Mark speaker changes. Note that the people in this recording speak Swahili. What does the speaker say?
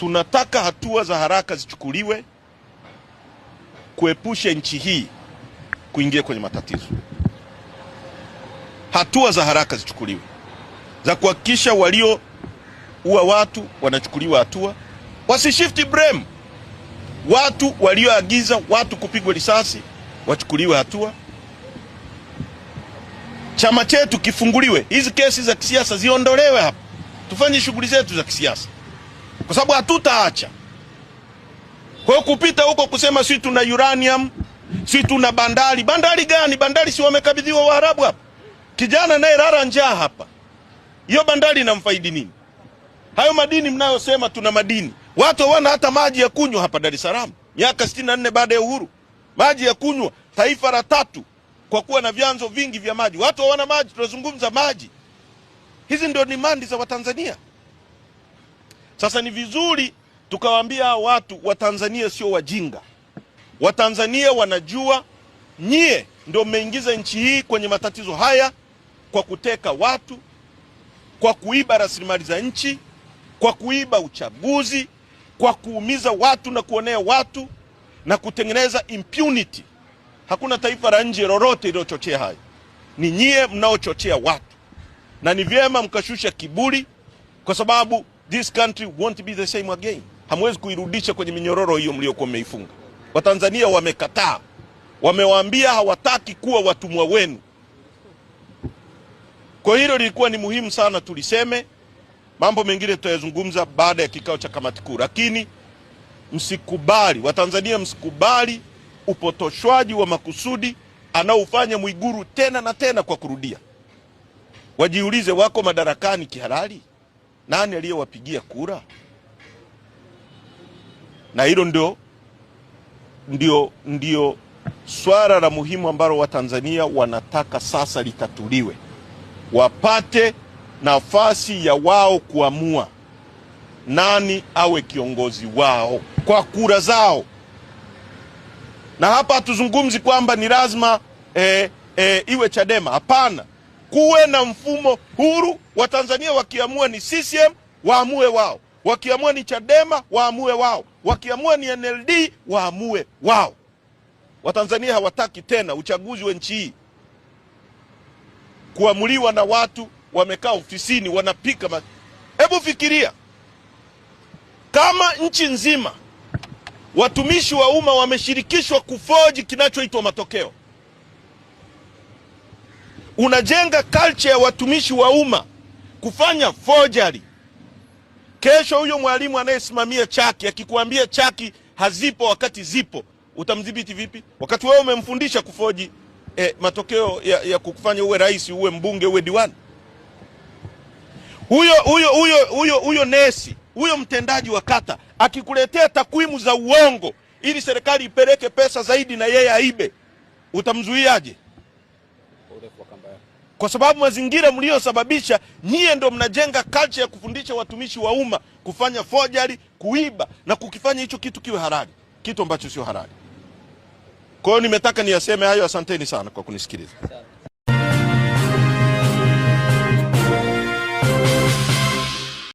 Speaker 1: Tunataka hatua za haraka zichukuliwe kuepusha nchi hii kuingia kwenye matatizo. Hatua za haraka zichukuliwe za kuhakikisha walioua watu wanachukuliwa hatua, wasishifti blame. Watu walioagiza watu kupigwa risasi wachukuliwe hatua, chama chetu kifunguliwe, hizi kesi za kisiasa ziondolewe hapa, tufanye shughuli zetu za kisiasa kwa sababu hatutaacha. Kwa hiyo kupita huko kusema si tuna uranium, si tuna bandari, bandari gani? Bandari si wamekabidhiwa Waarabu hapa? Kijana naye rara njaa hapa, hiyo bandari inamfaidi nini? Hayo madini mnayosema tuna madini, watu hawana hata maji ya kunywa hapa Dar es Salaam, miaka 64 baada ya uhuru, maji ya kunywa, taifa la tatu kwa kuwa na vyanzo vingi vya maji, watu hawana maji. Tunazungumza maji, hizi ndio dimandi za Watanzania. Sasa ni vizuri tukawaambia watu Watanzania sio wajinga, Watanzania wanajua nyie ndio mmeingiza nchi hii kwenye matatizo haya kwa kuteka watu, kwa kuiba rasilimali za nchi, kwa kuiba uchaguzi, kwa kuumiza watu na kuonea watu na kutengeneza impunity. Hakuna taifa la nje lolote iliyochochea hayo, ni nyie mnaochochea watu, na ni vyema mkashusha kiburi, kwa sababu This country won't be the same again. Hamwezi kuirudisha kwenye minyororo hiyo mliokuwa mmeifunga. Watanzania wamekataa, wamewaambia hawataki kuwa watumwa wenu. Kwa hilo lilikuwa ni muhimu sana tuliseme. Mambo mengine tutayazungumza baada ya kikao cha kamati kuu, lakini msikubali, Watanzania msikubali upotoshwaji wa makusudi anaofanya Mwiguru tena na tena kwa kurudia. Wajiulize, wako madarakani kihalali? Nani aliyewapigia kura? Na hilo ndio ndio ndio swala la muhimu ambalo Watanzania wanataka sasa litatuliwe, wapate nafasi ya wao kuamua nani awe kiongozi wao kwa kura zao. Na hapa hatuzungumzi kwamba ni lazima eh, eh, iwe Chadema. Hapana, kuwe na mfumo huru, Watanzania wakiamua ni CCM waamue wao, wakiamua ni Chadema waamue wao, wakiamua ni NLD waamue wao. Watanzania hawataki tena uchaguzi wa nchi hii kuamuliwa na watu wamekaa ofisini wanapika Hebu fikiria kama nchi nzima watumishi wa umma wameshirikishwa kufoji kinachoitwa matokeo unajenga culture ya watumishi wa umma kufanya forgery. Kesho huyo mwalimu anayesimamia chaki akikuambia chaki hazipo wakati zipo, utamdhibiti vipi? Wakati wewe umemfundisha kufoji eh, matokeo ya, ya kukufanya uwe rais, uwe mbunge, uwe diwani. Huyo huyo huyo huyo huyo nesi, huyo mtendaji wa kata akikuletea takwimu za uongo ili serikali ipeleke pesa zaidi na yeye aibe, utamzuiaje? kwa sababu mazingira mliyosababisha nyie ndo mnajenga culture ya kufundisha watumishi wa umma kufanya forgery, kuiba na kukifanya hicho kitu kiwe halali, kitu ambacho sio halali. Kwa hiyo nimetaka niyaseme hayo. Asanteni sana kwa kunisikiliza.